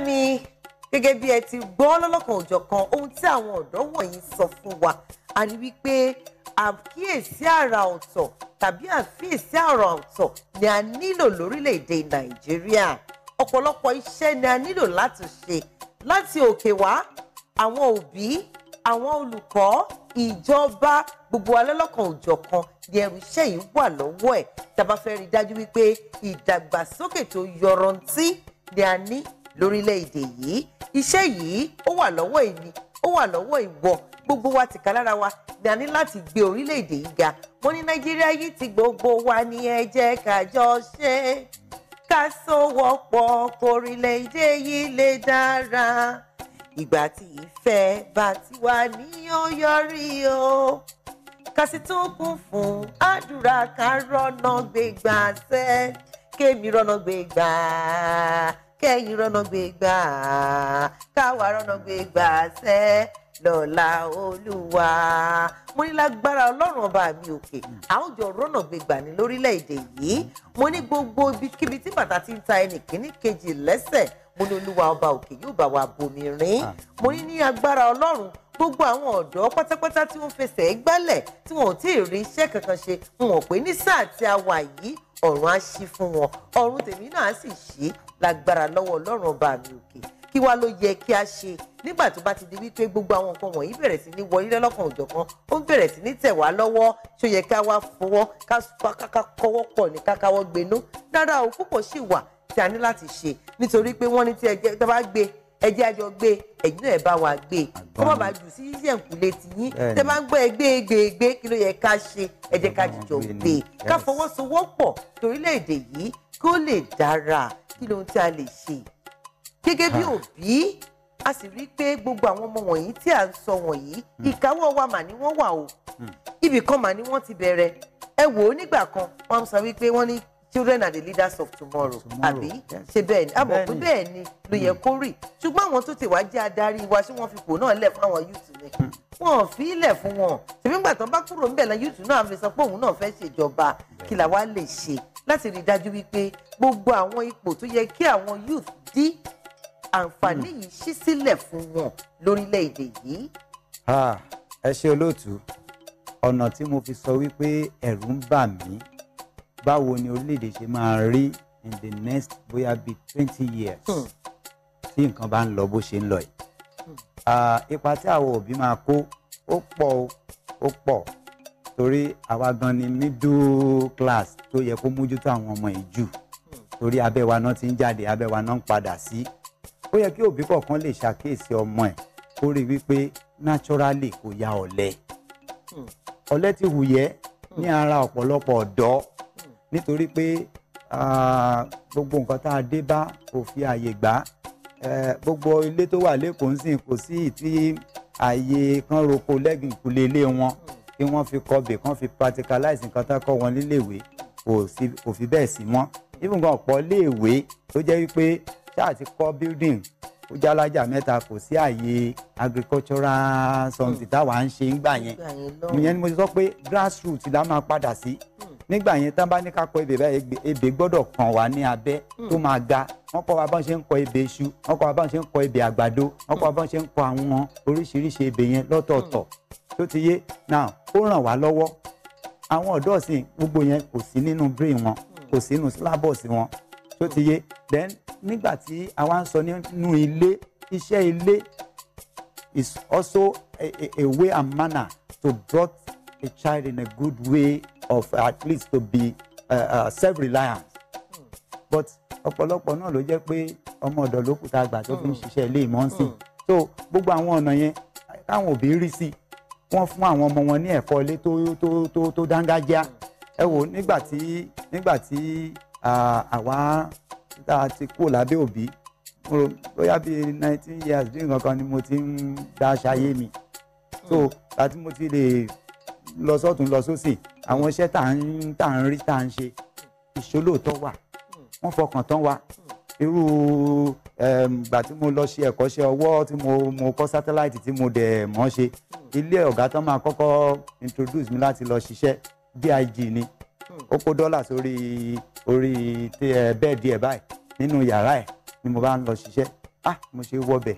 olólùfẹ́ mi gẹ́gẹ́ bí ẹ ti gbọ́ lọ́lọ́kan òjọ̀kan ohun tí àwọn ọ̀dọ́ wọ̀nyí sọ fún wa a ní wípé àkíyèsí àrà ọ̀tọ̀ tàbí àfíyèsí àrà ọ̀tọ̀ ni a nílò lórílẹ̀‐èdè nàìjíríà ọ̀pọ̀lọpọ̀ iṣẹ́ ni a nílò láti ṣe láti òkè wá àwọn òbí àwọn olùkọ́ ìjọba gbogbo alọ́lọ́kan òjọ̀kan ni ẹrù iṣẹ́ yìí wà lọ́wọ́ ẹ̀ tá a bá fẹ́ rí i dájú wípé ìdàgbàsókè tó yọrantí ni a ní lórílẹ̀‐èdè yìí iṣẹ́ yìí ó wà lọ́wọ́ èmi ó wà lọ́wọ́ ìwọ gbogbo wa tìka lára wa ni a ní láti gbé orílẹ̀‐èdè yìí ga wọ́n ní nàìjíríà yìí ti gbogbo wa ní ẹ jẹ́ ká ṣe ká sówọ́pọ̀ kórílẹ̀‐èdè yìí lè dára ìgbà tí ìfẹ́ bá ti wà ní ó yọrí o kasi tó kún fún àdúrà ká rọ́nà gbégbà sẹ́ kémi rọ́nà gbégbà kẹ́yìn rọ́nà gbé gbà á káwa rọ́nà gbé gbà á sẹ́ lọ́la olúwa mo ní lágbára ọlọ́run ọba mi òkè àwùjọ rọ́nà gbé gbà ní lórílẹ̀‐èdè yìí mo ní gbogbo ibikíbi tí bàtà ti ń ta ẹnì kíní kejì lẹ́sẹ̀ mo ní olúwa ọba òkè yóò bá wa bomi rin mo ní ní agbára ọlọ́run gbogbo àwọn ọ̀dọ́ pátápátá tí wọ́n fẹsẹ̀ gbálẹ̀ tí wọn ò tí ì rí iṣẹ́ kankan ṣe wọn ò pé ní sáà tí a wà yìí ọ̀run á ṣí fún wọn ọ̀run tèmi náà á sì ṣí lágbára lọ́wọ́ ọlọ́run ọba mi òkè kí wá ló yẹ kí a ṣe nígbà tó bá ti di wípé gbogbo àwọn nǹkan wọ̀nyí bẹ̀rẹ̀ sí ní wọlé lọ́kàn òjọ̀kan ó ń bẹ̀rẹ̀ sí ní tẹ̀ wá lọ́wọ́ tó yẹ ká wá fọwọ́ ká kọ́wọ́ pọ̀ ní kákáwọ́ gbénú rárá o púpọ̀ sì wà tí a ní láti ṣe nítorí pé wọ́n ní tí ẹgbẹ́ tó bá gbé ẹjẹ́ àjọ gbé ẹ̀yin náà ẹ̀ bá wa gbé kó má jù sí yíyẹ̀kùlé ti yín tẹ́ bá ń gbọ́ ẹgbẹ́ gbègbè kí ló yẹ ká ṣe ẹjẹ́ ká jìjọ gbé ká fọwọ́sowọ́pọ̀ torílẹ̀-èdè yìí kó lè dára kí lohun tí a lè ṣe gẹ́gẹ́ bí òbí a sì rí i pé gbogbo àwọn ọmọ wọ̀nyí tí à ń sọ wọ̀nyí hmm. ìkáwọ́ wa mà ní wọ́n wà o hmm. ibì kan mà ní wọ́n ti bẹ̀rẹ̀ ẹ wò ó nígbà kan wọ́n sọ wípé wọ́n ní children are the leaders of tomorrow àbí ṣe bẹ́ẹ̀ ni àmọ́ pé bẹ́ẹ̀ ni ló yẹ kó rí ṣùgbọ́n àwọn tó ti wá jẹ́ adarí wa ṣé wọ́n fi pò náà lẹ̀ fún àwọn youth ni wọn ò fi ilẹ̀ fún wọn ṣèbí ńgbà tán bá kúrò ńbẹ̀ la youth náà fi sọ pé òun náà fẹ́ ṣèjọba kí la wá lè ṣe láti rí i dájú wípé gbogbo àwọn ipò tó yẹ kí àwọn youth dí àǹfààní hmm. yìí ṣí sílẹ̀ fún wọn lórílẹ̀‐èdè yìí. ẹ ṣe olóòtú ọ̀nà tí mo fi sọ wípé ẹ̀rù ń bà mí báwo ni orílẹ̀-èdè ṣe máa rí in the next bóyá bíi twenty years hmm. tí nǹkan bá ń lọ bó ṣe ń lọ yìí. Hmm. ipa tí àwọn òbí máa kó ó pọ̀ ó pọ̀ torí àwa gan ni middle class tó yẹ kó mójútó àwọn ọmọ yìí jù hmm. torí abẹ́ wa náà ti ń jáde abẹ́ wa náà ń padà sí. ó yẹ kí òbí kọ̀ọ̀kan lè ṣàkíyèsí ọmọ ẹ̀ kó rí wípé naturally kò ya ọ̀lẹ. ọ̀lẹ ti hù yẹ́ ní ara ọ̀pọ̀lọpọ̀ ọ̀dọ́ nítorí pé gbogbo nǹkan tá a dé bá òfin àyè gbà gbogbo ilé tó wà lẹ́kọ̀ọ́ nsìn kò sí ìtí àyè kan roko lẹ́gìn kulé ilé wọn kí wọ́n fi kọbè kán fi practicalize nǹkan tá a kọ́ wọn níléèwé kò fi bẹ́ẹ̀ sí mọ́ even gan ọ̀pọ̀ léèwé tó jẹ́ wípé ṣáà kọ́ building ó jálájà mẹ́ta kò sí àyè agricultural something táwa ń ṣe ń gbà yẹn ìyẹn ni mo sọ pé grassroots la máa padà sí nígbà yẹn tán bá ní ká kọ ebè báyìí ebè gbọ́dọ̀ kàn wá ní abẹ́ tó máa ga wọ́n kọ́ wa bá ń ṣe ń kọ ebè iṣu wọ́n kọ́ wa bá ń ṣe ń kọ ebè àgbàdo wọ́n kọ́ wa bá ń ṣe ń kọ àwọn oríṣiríṣi ebè yẹn lọ́tọ̀ọ̀tọ̀ tó ti yé náà ó ràn wá lọ́wọ́ àwọn ọ̀dọ́ ọ̀sìn gbogbo yẹn kò sí nínú brain wọn kò sí nínú syllabus wọn tó ti yé then nígbà tí àwa ń sọ nínú ilé iṣẹ́ ilé is also a, a, a way and manner to brought a child in a good way of at least to be uh, uh, self-reliant but ọ̀pọ̀lọpọ̀ náà ló jẹ́ pé ọmọ ọ̀dọ̀ ló kù tá a gbà tó fi ń hmm. ṣiṣẹ́ ilé ìmọ̀ọ́sìn hmm. so gbogbo àwọn ọ̀nà yẹn káwọn òbí rí sí wọ́n fún àwọn ọmọ wọn ní ẹ̀kọ́ ilé tó tó tó tó dángájá ẹ wò nígbà tí nígbà tí àwa tá a ti kú lábẹ́ òbí bóyá bíi nineteen years bí nǹkan kan ni mo ti ń dá aṣáyé mi so hmm. àti mo ti lè lọ sọ́tún lọ sósì. So, àwọn iṣẹ́ tá à ń tá à ń rí tá à ń ṣe ìṣólóòtọ́ wà wọ́n fọkàn tán wa irú gbà tí mo lọ ṣe ẹ̀kọ́ṣẹ́ ọwọ́ tí mo mo kọ́ sátáláìtì tí mo dẹ̀ mọ́ ṣe ilé ọ̀gá tán máa kọ́kọ́ introduce mi láti lọ ṣiṣẹ́ big ni ó kó dọ́là sórí orí bẹ́ẹ̀dì ẹ̀ báyìí nínú yàrá ẹ̀ ni mo bá ń lọ ṣiṣẹ́ ah mo ṣe wọbẹ̀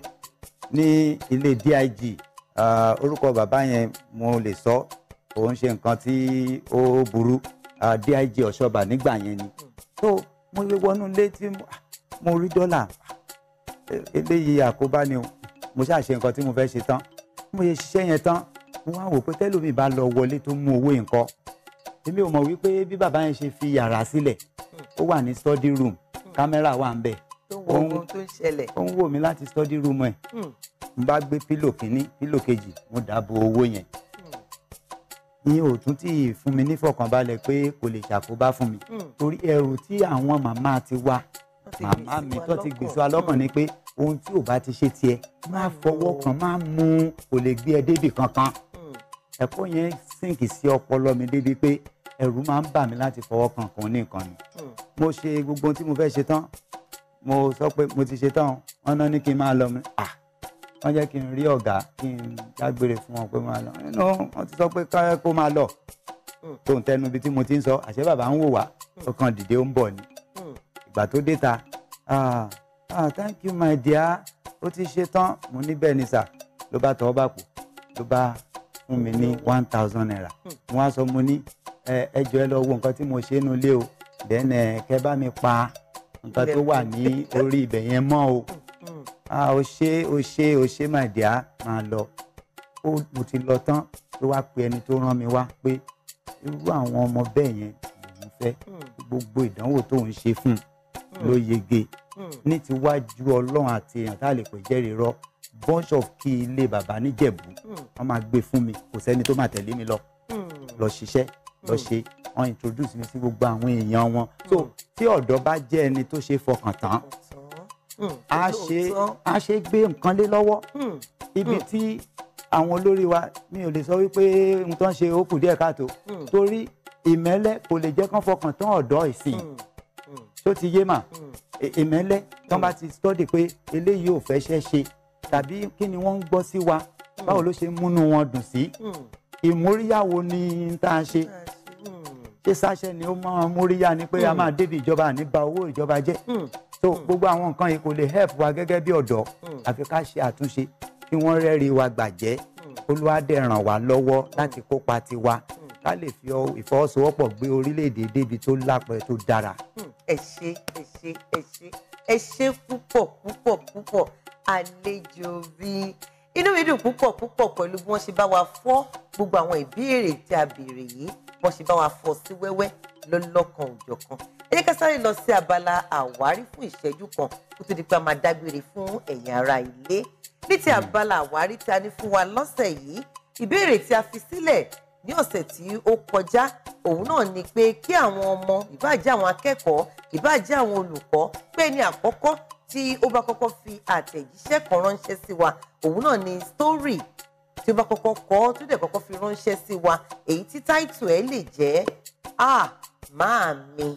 ní ilé dig ah, orúkọ bàbá yẹn mo lè sọ òun ṣe nǹkan tí ó burú dig ọ̀ṣọ́ba nígbà yẹn ni so mo yẹ wọnú ilé tí mo ah, rí dọ́là e, eléyìí àkóbá ni o mo ṣáà ṣe nǹkan tí mo fẹ́ ṣe tán mo ṣe ṣiṣẹ́ yẹn tán mo wá wò pé tẹ́lómi bá lọ wọlé tó mú owó nǹkan èmi ò mọ̀ wípé bí bàbá yẹn ṣe fi yàrá sílẹ̀ ó wà ní study room kámẹ́rà wà ń bẹ̀ ó ń wò mí láti study room ẹ̀ hmm. mo bá gbé pílò kínní pílò kejì mo dàbò owó yẹn ni ò tún tí ì fún mi nífọ̀kànbalẹ̀ pé kò lè ṣàkóbá fún mi hmm. torí ẹrù tí àwọn màmá ti wá màmá mi tó ti gbèsò alọ́kàn ni pé ohun tí ò bá ti ṣe tiẹ̀ máa hmm. fọwọ́ kan máa mú kò lè gbé ẹ débì kankan hmm. ẹ̀kọ́ yẹn sínkì sí ọpọlọ mi débi pé ẹ̀rù máa ń bà mí láti fọwọ́ kan kan ní ni mo ṣe gbogbo ohun tí mo fẹ́ ṣe tán mo sọ pé mo ti ṣe tán wọn náà ní kí n máa lọ mi ah! wọ́n jẹ́ kí n rí ọ̀gá kí n dágbére fún wọn pé máa lọ nínú wọn ti sọ pé kó máa lọ tó ń tẹnu ibi tí mo ti ń sọ àṣẹ bàbá ń wò wá ọkàn dìde ó ń bọ̀ ni ìgbà tó dé ta ah, ah thank you my dear ó ti ṣe tán mo ní bẹ́ẹ̀ ni sà ló bá tọ́ bá kù ló bá fún mi ní one thousand naira mo wá sọ mo ní ẹ ẹ lọ wo nǹkan tí mo ṣe nínú o dẹ́nẹ̀ kẹ́ bá mi pa nǹkan tó wà ní orí ibẹ̀ yẹn mọ́ o ah o ṣe o ṣe o ṣe my dear máa lọ ó mo ti lọ tán tó wá pe ẹni tó rán mi wá pé irú àwọn ọmọ bẹ́ẹ̀ yẹn lòun fẹ́ gbogbo ìdánwò tó ń ṣe fún un ló yege ní tiwájú ọlọ́run àti èèyàn tá a lè pè jẹ́rìí rọ bunch of kí ilé bàbá níjẹ̀bú wọ́n máa gbé fún mi kò sẹ́ni tó máa tẹ̀lé mi lọ lọ ṣiṣẹ́ lọ ṣe wọ́n introduce mi sí gbogbo àwọn èèyàn wọn so tí ọ̀dọ́ bá jẹ́ ẹni tó ṣe fọkàn tán Hmm. a ṣe a ṣe gbé nǹkan lé lọ́wọ́ hmm. ibi hmm. tí àwọn olórí wa mi ò lè sọ wípé ohun tó ń ṣe ó kù díẹ̀ káàtó torí ìmẹ́lẹ́ kò lè jẹ́ kán fọkàn tán ọ̀dọ́ ìsìn tó ti yé mà ìmẹ́lẹ́ tán bá ti study pé eléyìí ò fẹ́ ṣẹ́ ṣe tàbí kí ni wọ́n ń gbọ́ sí wa báwo ló ṣe múnú wọn dùn sí ìmóríyàwó ni tá a ṣe ṣé sáṣẹ ni ó máa móríyá ni pé a máa débi ìjọba àní ba owó ìjọba jẹ́ so hmm. gbogbo àwọn nǹkan yìí kò lè help wa gẹ́gẹ́ bí ọ̀dọ́ hmm. àfi ká ṣe àtúnṣe kí wọ́n rẹ́rìí wa gbàjẹ́ hmm. Olúwa dẹ̀ ràn wá lọ́wọ́ láti kópa tiwa ká lè fi ìfọwọ́sowọ́pọ̀ gbé orílẹ̀-èdè débi tó lápẹ̀ tó dára. ẹ ṣé ẹ ṣé ẹ ṣé ẹ ṣé púpọ̀ púpọ̀ púpọ̀ àlejò bíi inú mi dùn púpọ̀ púpọ̀ pẹ̀lú bí wọ́n ṣe bá wa fọ́ gbogbo àwọn ìbéèrè tí a béèrè yìí wọ́n ṣe bá wa fọ́ sí wẹ́wẹ́ lọ́lọ́kan òjọ̀kan ẹ jẹ́ ká sáré lọ sí abala àwárí fún ìṣẹ́jú kan kó tó di pé a máa dágbére fún ẹ̀yin ará ilé ní ti abala àwárí tí a ní fún wa lọ́sẹ̀ yìí ìbéèrè tí a fi sílẹ̀ ní ọ̀sẹ̀ tí ó kọjá òun náà ni pé kí àwọn ọmọ ìbáàjẹ́ àwọn akẹ́kọ̀ọ́ ìbáàjẹ́ àwọn olùkọ́ pé ní àkọ́kọ́ tí ó bá kọ́kọ́ fi àtẹ̀jíṣẹ́ kan ránṣẹ́ sí wa òun náà ni story tí ó bá kọ́kọ́ kọ tó dẹ̀ kọ́kọ́ fi ránṣẹ́ sí wa èyí tí táìtù ẹ̀ lè jẹ́ a máa mi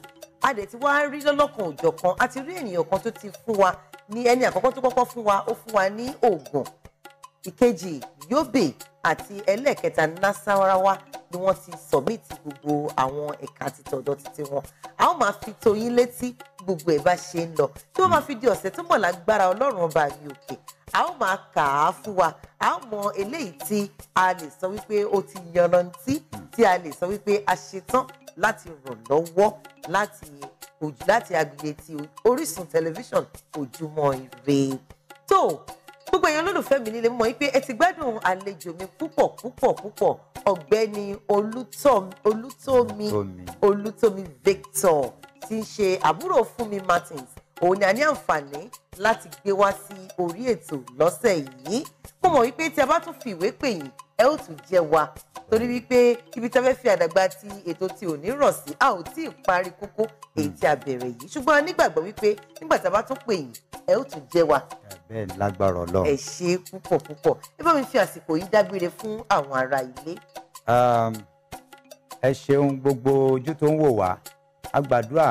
a dẹ̀ ti wá rí lọ́lọ́kan òjọ̀ kan a ti rí ènìyàn kan tó ti fún wa ní ẹni àkọ́kọ́ tó kọ́kọ́ fún wa ó fún wa ní oògùn ìkejì yóò bè àti ẹlẹ́ẹ̀kẹta nasarawa ni wọ́n ti sọ̀mìtì gbogbo àwọn ẹ̀ka títọ̀dọ̀ títí wọn a ó máa fi tó yín létí gbogbo ẹ̀ bá ṣe ń lọ tí wọ́n máa fi di ọ̀sẹ̀ tó mọ̀ lágbára ọlọ́run ọba mi òkè a ó máa kà á fún wa a ó mọ eléyìí tí a lè sọ wípé ó ti yanrantí tí a lè sọ wípé a ṣetán láti ràn lọ́wọ́ láti láti agbègbè ti Orísun tẹlifíṣàn Ojúmọ́ Ire tó gbogbo èèyàn lólùfẹ́ mi nílé mọ̀ pé ẹ ti gbádùn àlejò mi púpọ̀ púpọ̀ púpọ̀ ọ̀gbẹ́ni olútómi olútómi Victor ti ń ṣe àbúrò Fúnmi Martins òun ni a ní àǹfààní láti gbé wá sí orí ètò lọ́sẹ̀ yìí mo mọ̀ wípé tí a bá tún fi ìwé pè yín ẹ ó tún jẹ́ wa torí wípé ibi tí a fẹ́ fi àdàgbà ti ètò ti òní rọ̀ sí a ò tí ì parí kókó èyí tí a bẹ̀rẹ̀ yìí ṣùgbọ́n nígbàgbọ́ wípé nígbà tá a bá tún pè yín ẹ ó tún jẹ́ wa. bẹ́ẹ̀ lágbára Ọlọ́run. ẹ ṣe púpọ̀ púpọ̀ ẹ bá mi fi àsìkò yìí dágbére fún àwọn ará ilé. ẹ ṣeun gbogbo ojú tó ń wò wá a gbàdúrà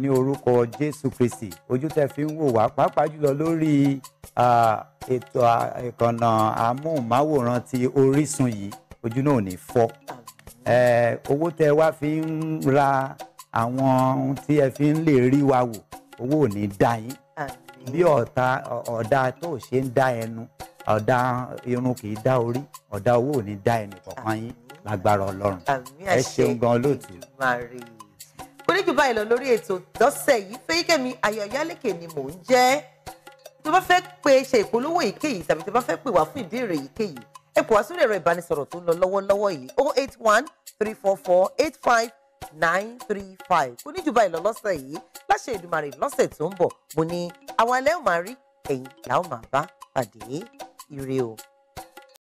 ní orúkọ Jésù Kristi ojú tẹ́ fi ń wò wá pàápàá jùlọ lórí ètò ìkànnà amóhùnmáwòrán ti Orísun yìí ojú náà ò ní fọ́ owó tẹ wá fi ń ra àwọn tí ẹ fi ń lè rí wa wò owó ò ní dá yín bí ọ̀tá ọ̀dà tó ṣe ń dá ẹnu ọ̀dà irun kì í dá orí ọ̀dà owó ò ní dá ẹnu kọ̀ọ̀kan yín lágbára Ọlọ́run ẹ ṣeun gan lóòtú kò báyìí lọ lórí ètò lọ́sẹ̀ yìí Fẹ́yíkẹ́mi Ayọ̀yálékè ni mò ń jẹ́ tó bá fẹ́ pe ṣe ìpolówó èyíkéyìí tàbí tó bá fẹ́ pè wá fún ìbéèrè èyíkéyìí ẹ pè wá sórí ẹ̀rọ ìbánisọ̀rọ̀ tó ń lọ lọ́wọ́lọ́wọ́ yìí oh eight one three four four eight five nine three five kò ní jù báyìí lọ lọ́sẹ̀ yìí láṣẹ Èdùmàrè lọ́sẹ̀ tó ń bọ̀ mo ní àwa lẹ́ ò máa rí ẹ̀yin là máa bá pàdé ire o.